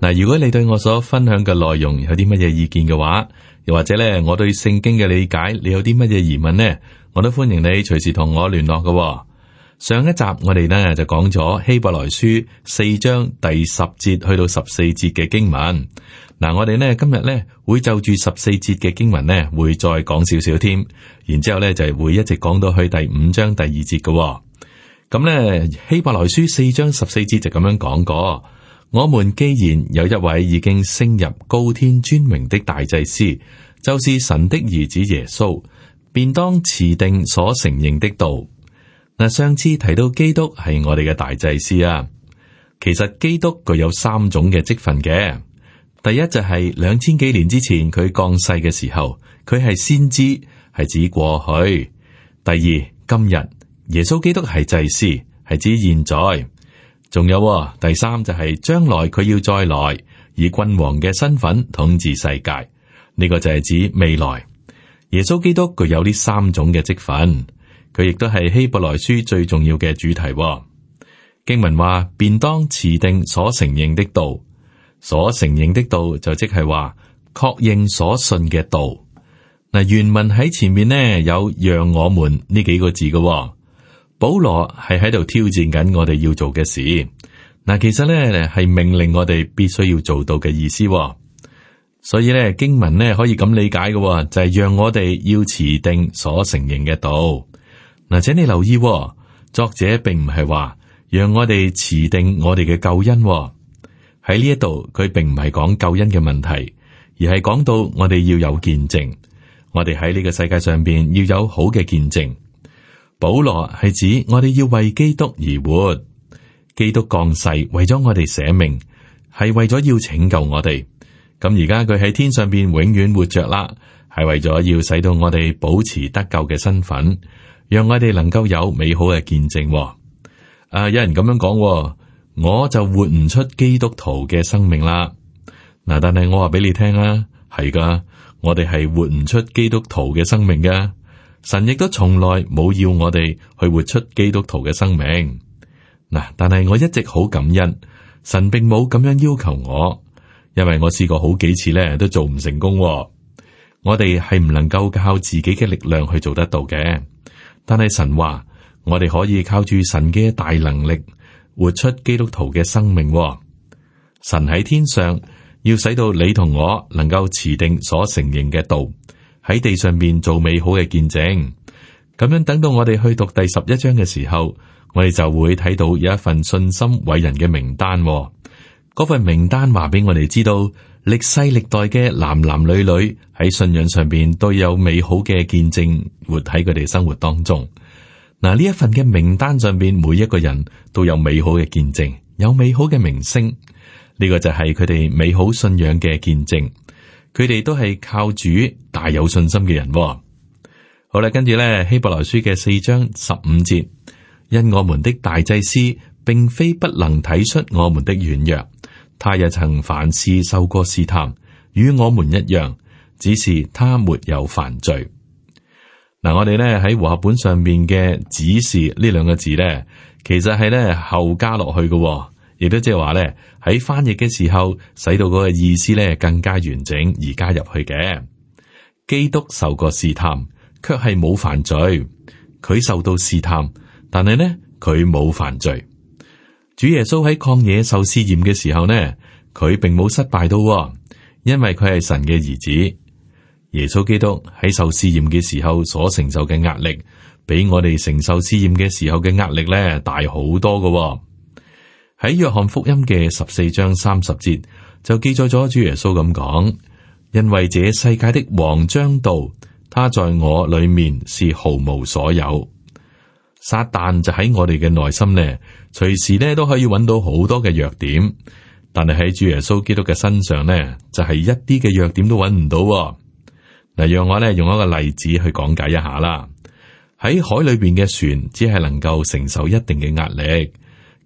嗱，如果你對我所分享嘅內容有啲乜嘢意見嘅話，又或者咧我對聖經嘅理解，你有啲乜嘢疑問呢？我都歡迎你隨時同我聯絡㗎喎。上一集我哋呢就講咗希伯來書四章第十節去到十四節嘅經文。嗱、啊，我哋呢今日呢會就住十四節嘅經文呢，會再講少少添，然之後咧就係會一直講到去第五章第二節㗎喎。咁呢，希伯來書四章十四節就咁樣講過。我們既然有一位已經升入高天尊榮的大祭司，就是神的兒子耶穌，便當持定所承認的道。嗱，上次提到基督係我哋嘅大祭司啊，其實基督佢有三種嘅職分嘅。第一就係兩千幾年之前佢降世嘅時候，佢係先知，係指過去；第二，今日耶穌基督係祭司，係指現在。仲有啊，第三就係、是、將來佢要再來以君王嘅身份統治世界。呢、這個就係指未來耶穌基督具有呢三種嘅積分。佢亦都係希伯來書最重要嘅主題。經文話：便當持定所承認的道，所承認的道就即係話確認所信嘅道。嗱，原文喺前面呢，有讓我們呢幾個字嘅。保羅係喺度挑戰緊我哋要做嘅事，嗱，其實咧係命令我哋必須要做到嘅意思，所以咧經文咧可以咁理解嘅，就係讓我哋要持定所承認嘅道。嗱，請你留意，作者並唔係話讓我哋持定我哋嘅救恩喺呢一度，佢並唔係講救恩嘅問題，而係講到我哋要有見證，我哋喺呢個世界上邊要有好嘅見證。保羅係指我哋要為基督而活，基督降世為咗我哋捨命，係為咗要拯救我哋。咁而家佢喺天上邊永遠活着啦，係為咗要使到我哋保持得救嘅身份，讓我哋能夠有美好嘅見證。啊，有人咁樣講，我就活唔出基督徒嘅生命啦。嗱，但係我話俾你聽啦，係噶，我哋係活唔出基督徒嘅生命噶。神亦都從來冇要我哋去活出基督徒嘅生命嗱，但係我一直好感恩，神並冇咁樣要求我，因為我試過好幾次咧都做唔成功。我哋係唔能夠靠自己嘅力量去做得到嘅，但係神話我哋可以靠住神嘅大能力活出基督徒嘅生命。神喺天上要使到你同我能夠持定所承認嘅道，喺地上面做美好嘅見證，咁樣等到我哋去讀第十一章嘅時候，我哋就會睇到有一份信心偉人嘅名單，哦。嗰份名單話俾我哋知道，歷世歷代嘅男男女女喺信仰上邊都有美好嘅見證活喺佢哋生活當中。嗱，呢一份嘅名單上邊，每一個人都有美好嘅見證，有美好嘅名聲，呢個就係佢哋美好信仰嘅見證。佢哋都係靠主大有信心嘅人、哦。好啦，跟住咧希伯來書嘅四章十五節，因我們的大祭司並非不能體恤我們的軟弱，他也曾凡事受過試探，與我們一樣，只是他沒有犯罪。嗱、嗯，我哋咧喺和合本上面嘅只是呢兩個字咧，其實係咧後加落去嘅、哦。亦都即係話咧，喺翻譯嘅時候，使到嗰個意思咧更加完整而加入去嘅。基督受過試探，卻係冇犯罪。佢受到試探，但係咧佢冇犯罪。主耶穌喺曠野受試驗嘅時候咧，佢並冇失敗到，因為佢係神嘅兒子。耶穌基督喺受試驗嘅時候所承受嘅壓力，比我哋承受試驗嘅時候嘅壓力咧大好多㗎。喺約翰福音嘅十四章三十節就記載咗主耶穌咁講：因為這世界的王將到，他在我裏面是毫無所有。撒旦就喺我哋嘅內心呢，隨時呢都可以揾到好多嘅弱點，但係喺主耶穌基督嘅身上呢，就係、是、一啲嘅弱點都揾唔到。嗱，讓我呢用一個例子去講解一下啦。喺海裏邊嘅船隻係能夠承受一定嘅壓力。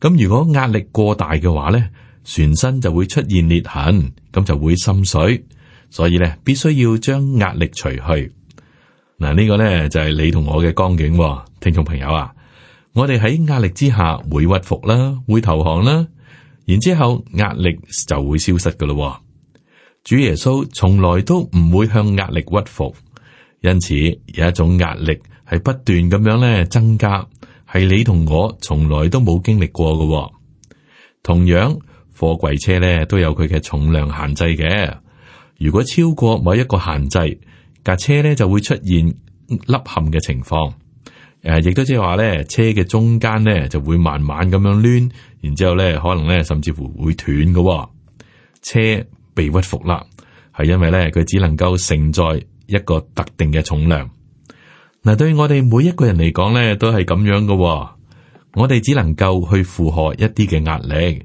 咁如果壓力過大嘅話呢，船身就會出現裂痕，咁就會滲水。所以呢，必須要將壓力除去。嗱，呢個呢，就係你同我嘅光景，聽眾朋友啊，我哋喺壓力之下會屈服啦，會投降啦，然之後壓力就會消失噶啦。主耶穌從來都唔會向壓力屈服，因此有一種壓力係不斷咁樣咧增加。係你同我從來都冇經歷過嘅、哦，同樣貨櫃車咧都有佢嘅重量限制嘅。如果超過某一個限制，架車咧就會出現凹陷嘅情況。誒，亦都即係話咧，車嘅中間咧就會慢慢咁樣攣，然之後咧可能咧甚至乎會斷嘅、哦。車被屈服啦，係因為咧佢只能夠承載一個特定嘅重量。嗱，對我哋每一個人嚟講咧，都係咁樣嘅。我哋只能夠去負荷一啲嘅壓力，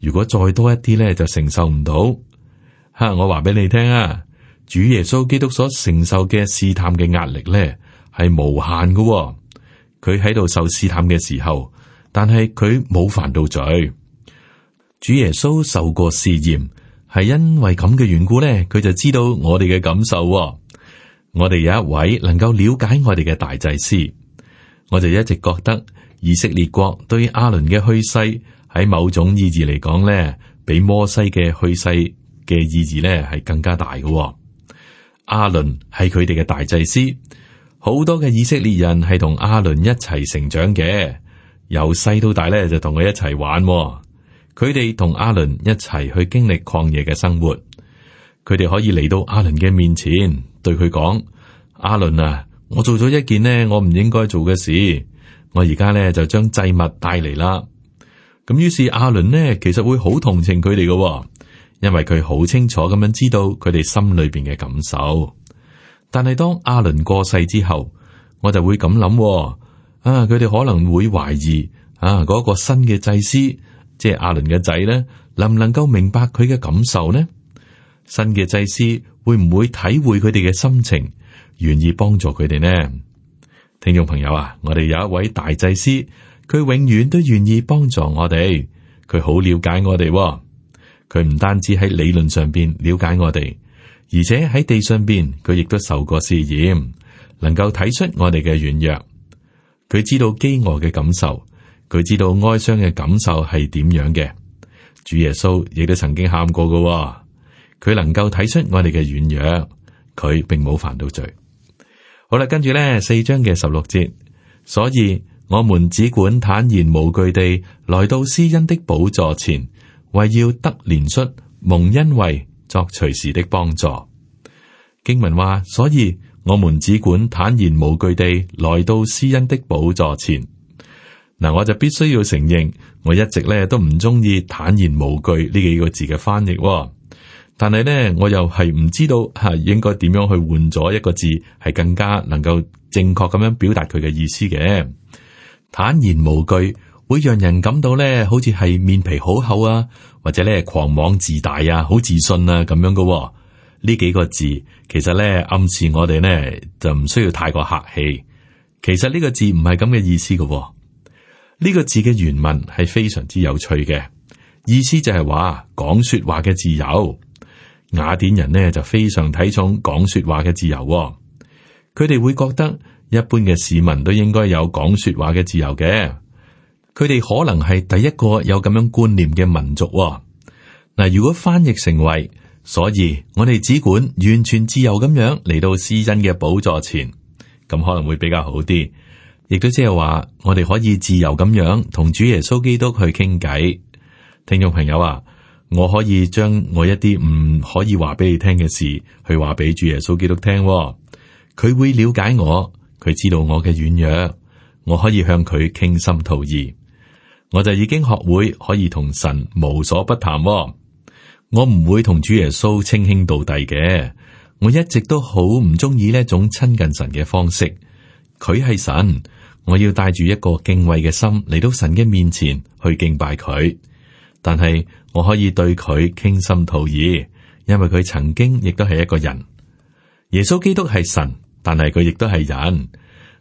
如果再多一啲咧，就承受唔到。吓，我話俾你聽啊，主耶穌基督所承受嘅試探嘅壓力咧，係無限嘅。佢喺度受試探嘅時候，但係佢冇犯到罪。主耶穌受過試驗，係因為咁嘅緣故咧，佢就知道我哋嘅感受。我哋有一位能夠了解我哋嘅大祭司，我就一直覺得以色列國對阿倫嘅去世喺某種意義嚟講咧，比摩西嘅去世嘅意義咧係更加大嘅、哦。阿倫係佢哋嘅大祭司，好多嘅以色列人係同阿倫一齊成長嘅，由細到大咧就同佢一齊玩、哦。佢哋同阿倫一齊去經歷曠野嘅生活，佢哋可以嚟到阿倫嘅面前。對佢講，阿倫啊，我做咗一件呢，我唔應該做嘅事，我而家呢就將祭物帶嚟啦。咁於是阿倫呢，其實會好同情佢哋嘅，因為佢好清楚咁樣知道佢哋心裏邊嘅感受。但係當阿倫過世之後，我就會咁諗，啊，佢哋可能會懷疑啊，嗰一個新嘅祭司，即係阿倫嘅仔呢，能唔能夠明白佢嘅感受呢？新嘅祭司。會唔會體會佢哋嘅心情，願意幫助佢哋呢？聽眾朋友啊，我哋有一位大祭司，佢永遠都願意幫助我哋，佢好了解我哋喎，佢唔單止喺理論上邊了解我哋，而且喺地上邊佢亦都受過試驗，能夠睇出我哋嘅軟弱，佢知道飢餓嘅感受，佢知道哀傷嘅感受係點樣嘅。主耶穌亦都曾經喊過噶喎。佢能夠睇出我哋嘅軟弱，佢並冇犯到罪。好啦，跟住咧四章嘅十六節，所以我們只管坦然無懼地來到施恩的寶座前，為要得憐恤蒙恩惠作隨時的幫助。經文話，所以我們只管坦然無懼地來到施恩的寶座前。嗱，我就必須要承認，我一直咧都唔中意坦然無懼呢幾個字嘅翻譯。但係咧，我又係唔知道吓、啊，應該點樣去換咗一個字，係更加能夠正確咁樣表達佢嘅意思嘅。坦然無懼會讓人感到咧，好似係面皮好厚啊，或者咧狂妄自大啊，好自信啊，咁樣噶、哦。呢幾個字其實咧暗示我哋呢，就唔需要太過客氣。其實呢個字唔係咁嘅意思噶、哦。呢、這個字嘅原文係非常之有趣嘅，意思就係話講說話嘅自由。雅典人呢，就非常睇重講說話嘅自由、哦，佢哋會覺得一般嘅市民都應該有講說話嘅自由嘅，佢哋可能係第一個有咁樣觀念嘅民族、哦。嗱，如果翻譯成為，所以我哋只管完全自由咁樣嚟到施恩嘅寶座前，咁可能會比較好啲，亦都即係話我哋可以自由咁樣同主耶穌基督去傾偈，聽眾朋友啊。我可以將我一啲唔可以話俾你聽嘅事，去話俾主耶穌基督聽、哦，佢會了解我，佢知道我嘅軟弱，我可以向佢傾心吐意，我就已經學會可以同神無所不談、哦。我唔會同主耶穌稱兄道弟嘅，我一直都好唔中意呢一種親近神嘅方式。佢係神，我要帶住一個敬畏嘅心嚟到神嘅面前去敬拜佢，但係，我可以對佢傾心吐意，因為佢曾經亦都係一個人。耶穌基督係神，但係佢亦都係人。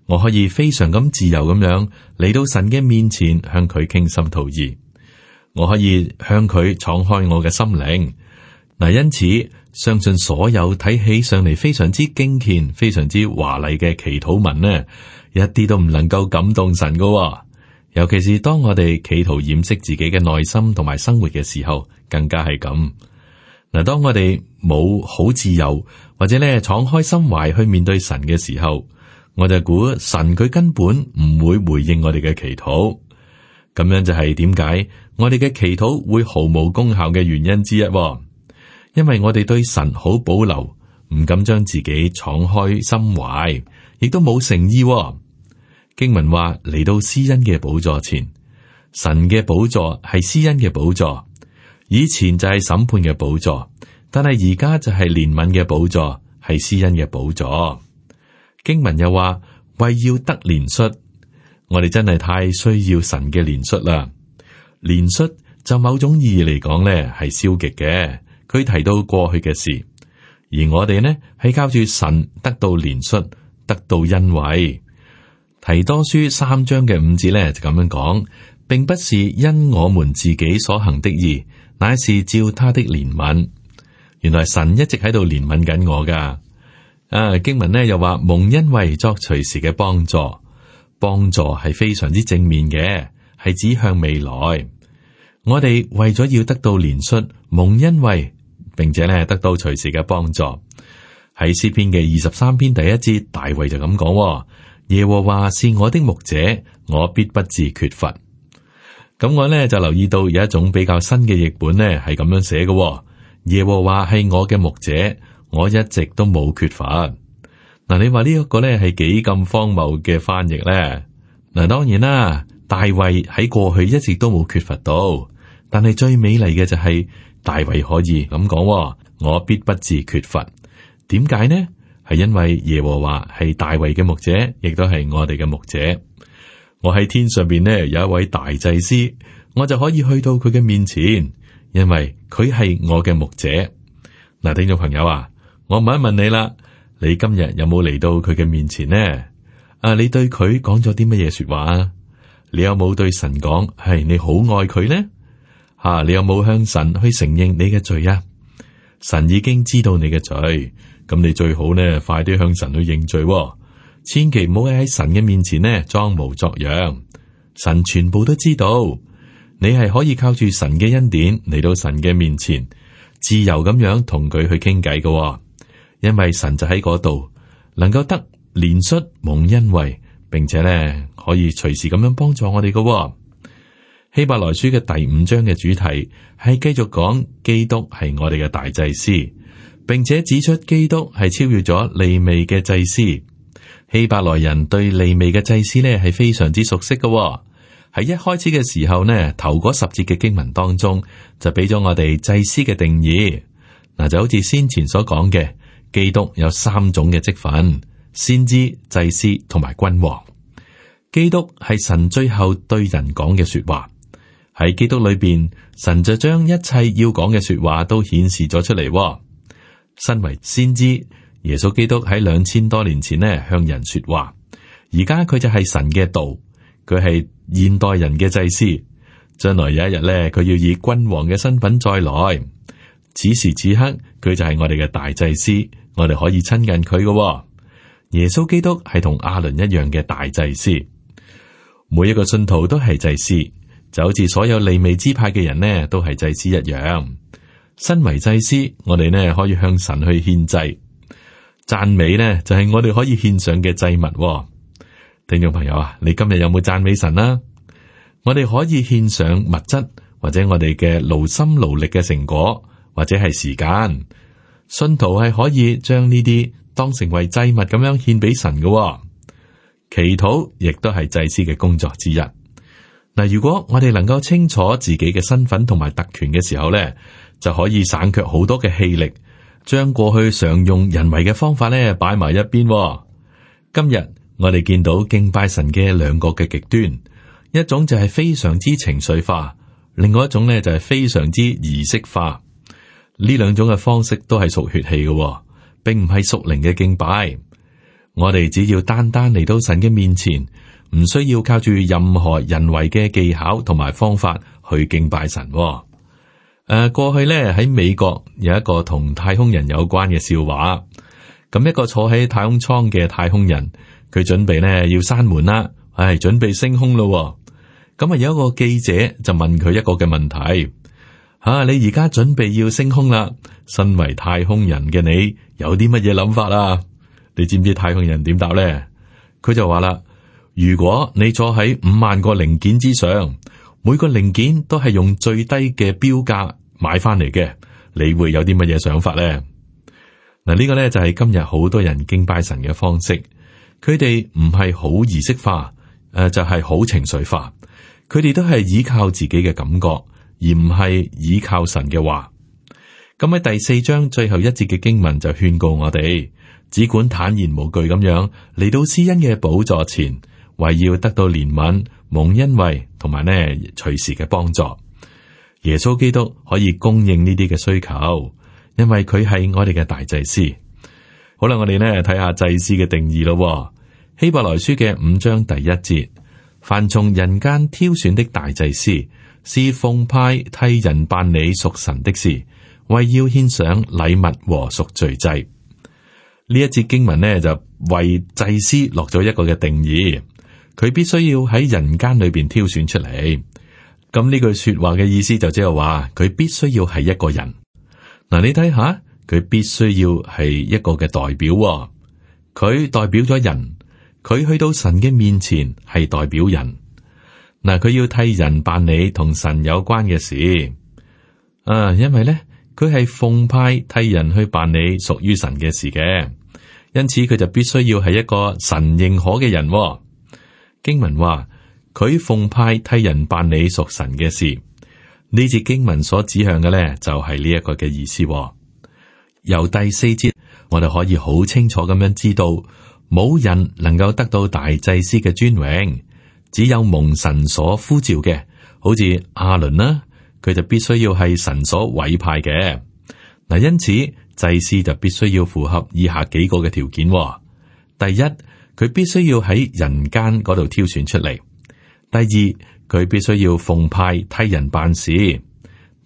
我可以非常咁自由咁樣嚟到神嘅面前向佢傾心吐意。我可以向佢敞開我嘅心靈。嗱，因此相信所有睇起上嚟非常之敬虔、非常之華麗嘅祈禱文呢，一啲都唔能夠感動神噶。尤其是當我哋企圖掩飾自己嘅內心同埋生活嘅時候，更加係咁。嗱，當我哋冇好自由或者咧敞開心懷去面對神嘅時候，我就估神佢根本唔會回應我哋嘅祈禱。咁樣就係點解我哋嘅祈禱會毫無功效嘅原因之一，因為我哋對神好保留，唔敢將自己敞開心懷，亦都冇誠意。經文話，嚟到施恩嘅寶座前，神嘅寶座係施恩嘅寶座，以前就係審判嘅寶座，但係而家就係憐憫嘅寶座，係施恩嘅寶座。經文又話，為要得憐恤，我哋真係太需要神嘅憐恤啦。憐恤就某種意義嚟講咧係消極嘅，佢提到過去嘅事，而我哋呢，係靠住神得到憐恤，得到恩惠。提多書三章嘅五字咧，就咁樣講，並不是因我們自己所行的義，乃是照他的憐憫。原來神一直喺度憐憫緊我噶。啊，經文呢又話蒙恩惠作隨時嘅幫助，幫助係非常之正面嘅，係指向未來。我哋為咗要得到憐恤，蒙恩惠，並且咧得到隨時嘅幫助。喺詩篇嘅二十三篇第一節，大衛就咁講，哦。耶和華是我的牧者，我必不致缺乏。咁我呢，就留意到有一種比較新嘅譯本呢係咁樣寫嘅、哦。耶和華係我嘅牧者，我一直都冇缺乏。嗱、啊，你話呢一個呢，係幾咁荒謬嘅翻譯呢？嗱，當然啦，大衛喺過去一直都冇缺乏到。但係最美麗嘅就係、是、大衛可以咁講、哦：我必不致缺乏。點解呢？係因為耶和華係大衛嘅牧者，亦都係我哋嘅牧者。我喺天上邊呢，有一位大祭司，我就可以去到佢嘅面前，因為佢係我嘅牧者。嗱，聽眾朋友啊，我問一問你啦，你今日有冇嚟到佢嘅面前呢？啊，你對佢講咗啲乜嘢說話啊？你有冇對神講係你好愛佢呢？吓，你有冇向神去承認你嘅罪啊？神已經知道你嘅罪。咁你最好呢快啲向神去認罪。哦，千祈唔好喺神嘅面前呢裝模作樣，神全部都知道。你係可以靠住神嘅恩典嚟到神嘅面前，自由咁樣同佢去傾偈嘅，因為神就喺嗰度，能夠得憐恤蒙恩惠，並且呢可以隨時咁樣幫助我哋嘅。哦。希伯來書嘅第五章嘅主題係繼續講基督係我哋嘅大祭司。並且指出，基督係超越咗利未嘅祭司。希伯來人對利未嘅祭司呢係非常之熟悉嘅、哦。喺一開始嘅時候呢，頭嗰十節嘅經文當中就俾咗我哋祭司嘅定義。嗱，就好似先前所講嘅，基督有三種嘅職份，先知、祭司同埋君王。基督係神最後對人講嘅說話。喺基督裏邊，神就將一切要講嘅說話都顯示咗出嚟、哦。身為先知，耶穌基督喺兩千多年前呢向人說話，而家佢就係神嘅道，佢係現代人嘅祭司，將來有一日呢佢要以君王嘅身份再來。此時此刻佢就係我哋嘅大祭司。我哋可以親近佢嘅。耶穌基督係同阿倫一樣嘅大祭司。每一個信徒都係祭司，就好似所有利未支派嘅人呢都係祭司一樣。身為祭司，我哋呢可以向神去獻祭，讚美呢就係我哋可以獻上嘅祭物。聽眾朋友啊，你今日有冇讚美神啊？我哋可以獻上物質或者我哋嘅勞心勞力嘅成果，或者係時間，信徒係可以將呢啲當成為祭物咁樣獻俾神嘅。祈禱亦都係祭司嘅工作之一。嗱，如果我哋能夠清楚自己嘅身份同埋特權嘅時候咧。就可以省卻好多嘅氣力，將過去常用人為嘅方法呢擺埋一邊喎。今日我哋見到敬拜神嘅兩個嘅極端，一種就係非常之情緒化，另外一種呢就係非常之儀式化。呢兩種嘅方式都係屬血氣嘅喎，並唔係屬靈嘅敬拜。我哋只要單單嚟到神嘅面前，唔需要靠住任何人為嘅技巧同埋方法去敬拜神喎。誒，過去咧喺美國有一個同太空人有關嘅笑話，咁一個坐喺太空艙嘅太空人，佢準備咧要閂門啦，唉、哎，準備升空咯，咁啊有一個記者就問佢一個嘅問題，吓、啊、你而家準備要升空啦，身為太空人嘅你有啲乜嘢諗法啦？你知唔知太空人點答咧？佢就話啦，如果你坐喺五萬個零件之上。每個零件都係用最低嘅標價買翻嚟嘅，你會有啲乜嘢想法呢？嗱，呢個呢就係今日好多人敬拜神嘅方式，佢哋唔係好儀式化，誒就係、是、好情緒化，佢哋都係依靠自己嘅感覺，而唔係依靠神嘅話。咁喺第四章最後一節嘅經文就勸告我哋，只管坦然無懼咁樣嚟到施恩嘅寶座前，為要得到憐憫。蒙恩惠同埋呢隨時嘅幫助，耶穌基督可以供應呢啲嘅需求，因為佢係我哋嘅大祭司。好啦，我哋呢睇下祭司嘅定義咯。希伯來書嘅五章第一節，凡從人間挑選的大祭司，是奉派替人辦理屬神的事，為要獻上禮物和贖罪祭。呢一節經文呢就為祭司落咗一個嘅定義。佢必須要喺人間裏邊挑選出嚟，咁呢句說話嘅意思就即係話佢必須要係一個人嗱、呃。你睇下，佢必須要係一個嘅代表、喎，佢代表咗人，佢去到神嘅面前係代表人嗱。佢、呃、要替人辦理同神有關嘅事啊，因為咧佢係奉派替人去辦理屬於神嘅事嘅，因此佢就必須要係一個神認可嘅人、喎。經文話佢奉派替人辦理屬神嘅事，呢節經文所指向嘅呢，就係呢一個嘅意思喎。由第四節我哋可以好清楚咁樣知道，冇人能夠得到大祭司嘅尊榮，只有蒙神所呼召嘅，好似亞倫啦，佢就必須要係神所委派嘅。嗱，因此祭司就必須要符合以下幾個嘅條件喎。第一。佢必須要喺人間嗰度挑選出嚟。第二，佢必須要奉派替人辦事。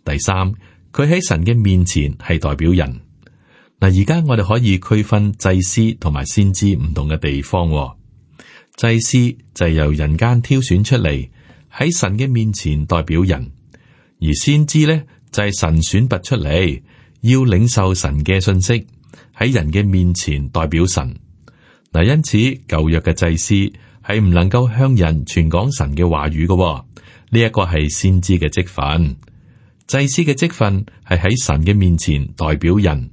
第三，佢喺神嘅面前係代表人。嗱，而家我哋可以區分祭司同埋先知唔同嘅地方。祭司就係由人間挑選出嚟，喺神嘅面前代表人；而先知咧就係、是、神選拔出嚟，要領受神嘅信息，喺人嘅面前代表神。嗱，因此舊約嘅祭司係唔能夠向人傳講神嘅話語嘅，呢一個係先知嘅職份。祭司嘅職份係喺神嘅面前代表人。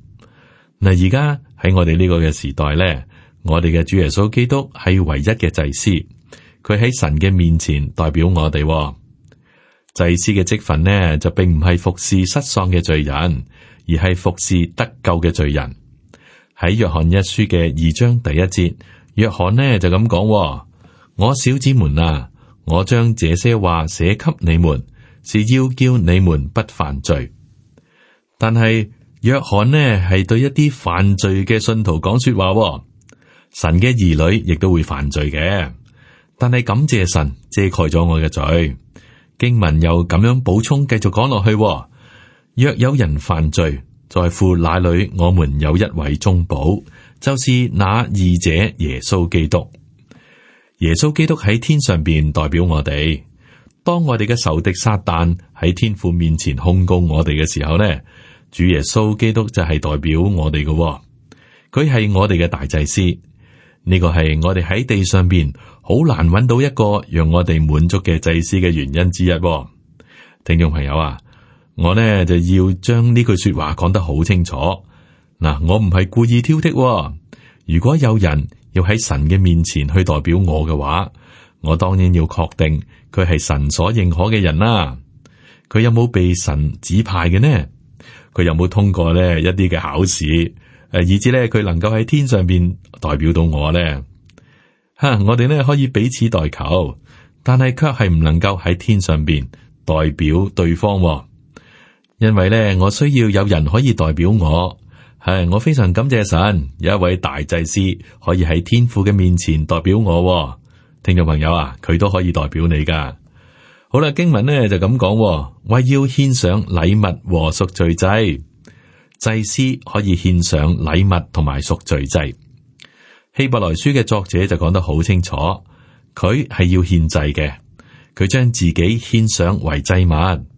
嗱，而家喺我哋呢個嘅時代咧，我哋嘅主耶穌基督係唯一嘅祭司，佢喺神嘅面前代表我哋。祭司嘅職份呢，就並唔係服侍失喪嘅罪人，而係服侍得救嘅罪人。喺約翰一書嘅二章第一節，約翰呢就咁講、哦：，我小子們啊，我將這些話寫給你們，是要叫你們不犯罪。但係約翰呢係對一啲犯罪嘅信徒講說話、哦，神嘅兒女亦都會犯罪嘅。但係感謝神，遮蓋咗我嘅罪。經文又咁樣補充，繼續講落去、哦：，若有人犯罪，在父那裏，我們有一位中保，就是那義者耶穌基督。耶穌基督喺天上邊代表我哋，當我哋嘅仇敵撒旦喺天父面前控告我哋嘅時候咧，主耶穌基督就係代表我哋嘅，佢係我哋嘅大祭司。呢個係我哋喺地上邊好難搵到一個讓我哋滿足嘅祭司嘅原因之一。聽眾朋友啊！我呢，就要將呢句說話講得好清楚。嗱、啊，我唔係故意挑剔、哦。如果有人要喺神嘅面前去代表我嘅話，我當然要確定佢係神所認可嘅人啦。佢有冇被神指派嘅呢？佢有冇通過呢一啲嘅考試？誒，以至呢佢能夠喺天上邊代表到我呢？吓，我哋呢可以彼此代求，但係卻係唔能夠喺天上邊代表對方、哦。因為咧，我需要有人可以代表我，係我非常感謝神，有一位大祭司可以喺天父嘅面前代表我。聽眾朋友啊，佢都可以代表你㗎。好啦，經文咧就咁講，為要獻上禮物和贖罪祭，祭司可以獻上禮物同埋贖罪祭。希伯來書嘅作者就講得好清楚，佢係要獻祭嘅，佢將自己獻上為祭物。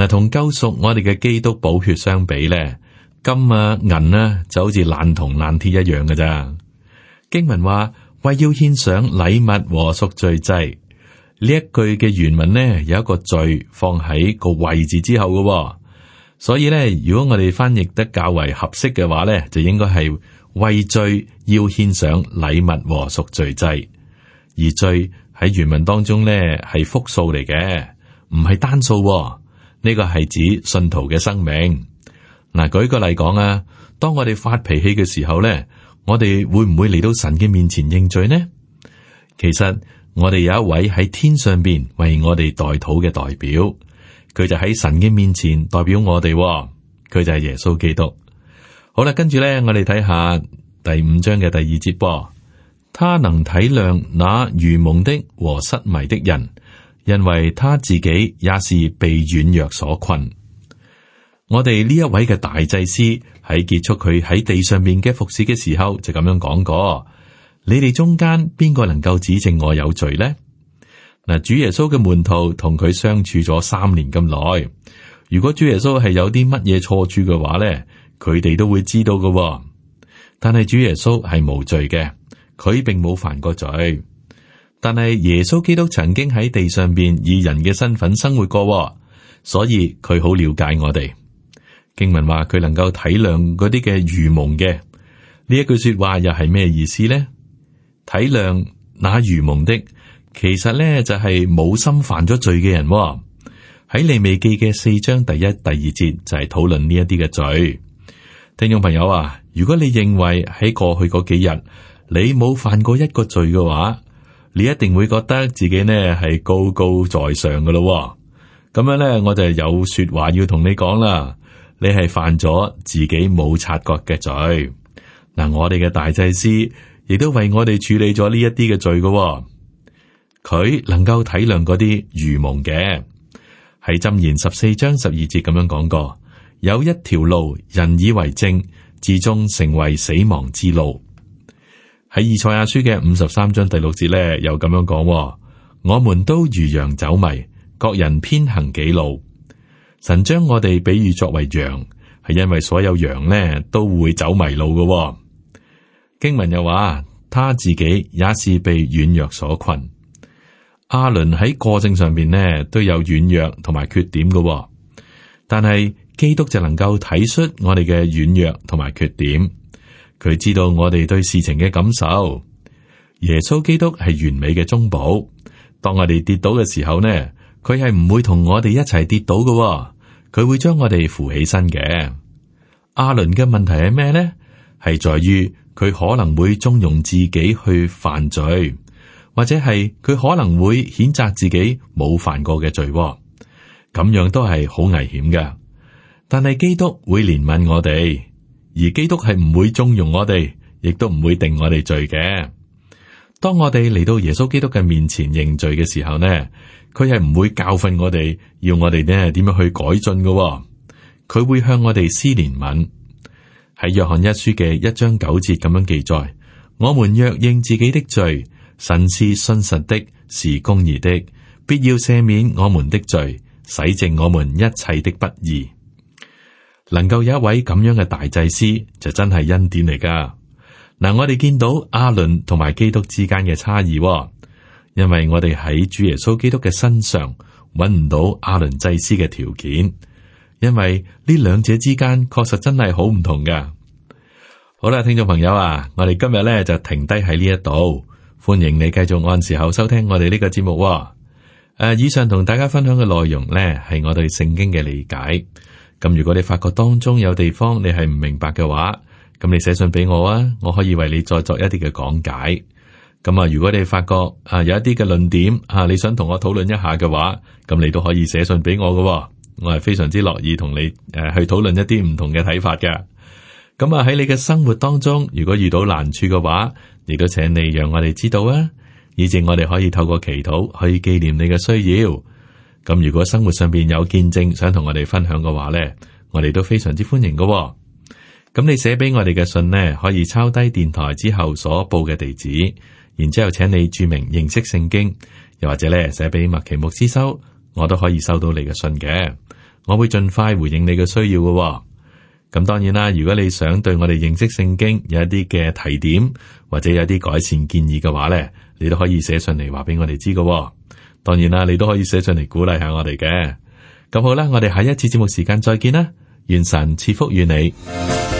嗱，同救贖我哋嘅基督寶血相比咧，金啊銀啊就好似爛銅爛鐵一樣嘅。咋經文話為要獻上禮物和贖罪祭呢，呢一句嘅原文呢，有一個罪放喺個位置之後嘅，哦，所以咧，如果我哋翻譯得較為合適嘅話咧，就應該係為罪要獻上禮物和贖罪祭。而罪喺原文當中咧係複數嚟嘅，唔係單數，哦。呢個係指信徒嘅生命。嗱，舉個例講啊，當我哋發脾氣嘅時候咧，我哋會唔會嚟到神嘅面前認罪呢？其實我哋有一位喺天上邊為我哋代禱嘅代表，佢就喺神嘅面前代表我哋。佢就係耶穌基督。好啦，跟住咧，我哋睇下第五章嘅第二節噃。他能體諒那愚蒙的和失迷的人。因為他自己也是被軟弱所困。我哋呢一位嘅大祭司喺結束佢喺地上面嘅服侍嘅時候就咁樣講過：你哋中間邊個能夠指證我有罪呢？嗱，主耶穌嘅門徒同佢相處咗三年咁耐，如果主耶穌係有啲乜嘢錯處嘅話呢，佢哋都會知道嘅。但係主耶穌係無罪嘅，佢並冇犯過罪。但係耶穌基督曾經喺地上邊以人嘅身份生活過，哦，所以佢好了解我哋。經文話佢能夠體諒嗰啲嘅愚蒙嘅呢一句說話又係咩意思呢？體諒那愚蒙的，其實咧就係、是、冇心犯咗罪嘅人喎，哦。喺利未記嘅四章第一第二節就係討論呢一啲嘅罪。聽眾朋友啊，如果你認為喺過去嗰幾日你冇犯過一個罪嘅話，你一定會覺得自己呢係高高在上噶咯、哦，咁樣呢我就有說話要同你講啦。你係犯咗自己冇察覺嘅罪，嗱、啊、我哋嘅大祭司亦都為我哋處理咗呢一啲嘅罪噶、哦。佢能夠體諒嗰啲愚蒙嘅，喺箴言十四章十二節咁樣講過，有一條路人以為正，至終成為死亡之路。喺以賽亞書嘅五十三章第六節咧，又咁樣講、哦，我們都如羊走迷，各人偏行己路。神將我哋比喻作為羊，係因為所有羊咧都會走迷路嘅、哦。經文又話，他自己也是被軟弱所困。阿倫喺個性上面咧都有軟弱同埋缺點嘅、哦，但係基督就能夠體恤我哋嘅軟弱同埋缺點。佢知道我哋對事情嘅感受，耶穌基督係完美嘅中保。當我哋跌倒嘅時候呢，佢係唔會同我哋一齊跌倒嘅，佢會將我哋扶起身嘅。亞倫嘅問題係咩呢？係在於佢可能會縱容自己去犯罪，或者係佢可能會譴責自己冇犯過嘅罪，咁樣都係好危險嘅。但係基督會憐憫我哋。而基督係唔會縱容我哋，亦都唔會定我哋罪嘅。當我哋嚟到耶穌基督嘅面前認罪嘅時候呢，佢係唔會教訓我哋，要我哋呢點樣去改進嘅。佢會向我哋施憐憫。喺約翰一書嘅一章九節咁樣記載：我們若認自己的罪，神是信實的，是公義的，必要赦免我們的罪，洗淨我們一切的不義。」能夠有一位咁樣嘅大祭司，就真係恩典嚟噶。嗱、啊，我哋見到阿倫同埋基督之間嘅差異、哦，因為我哋喺主耶穌基督嘅身上揾唔到阿倫祭司嘅條件，因為呢兩者之間確實真係好唔同噶。好啦，聽眾朋友啊，我哋今日咧就停低喺呢一度，歡迎你繼續按時候收聽我哋呢個節目、哦。誒、啊，以上同大家分享嘅內容咧，係我對聖經嘅理解。咁如果你發覺當中有地方你係唔明白嘅話，咁你寫信俾我啊，我可以為你再作一啲嘅講解。咁啊，如果你發覺啊有一啲嘅論點啊，你想同我討論一下嘅話，咁你都可以寫信俾我噶喎，我係非常之樂意同你誒去討論一啲唔同嘅睇法嘅。咁啊喺你嘅生活當中，如果遇到難處嘅話，你都請你讓我哋知道啊，以至我哋可以透過祈禱去紀念你嘅需要。咁如果生活上邊有見證想同我哋分享嘅話呢，我哋都非常之歡迎嘅、哦。咁你寫俾我哋嘅信呢，可以抄低電台之後所報嘅地址，然之後請你注明認識聖經，又或者咧寫俾麥其牧師收，我都可以收到你嘅信嘅。我會盡快回應你嘅需要嘅、哦。咁當然啦，如果你想對我哋認識聖經有一啲嘅提點，或者有啲改善建議嘅話呢，你都可以寫信嚟話俾我哋知嘅。當然啦，你都可以寫上嚟，鼓勵下我哋嘅。咁好啦，我哋下一次節目時間再見啦，願神賜福與你。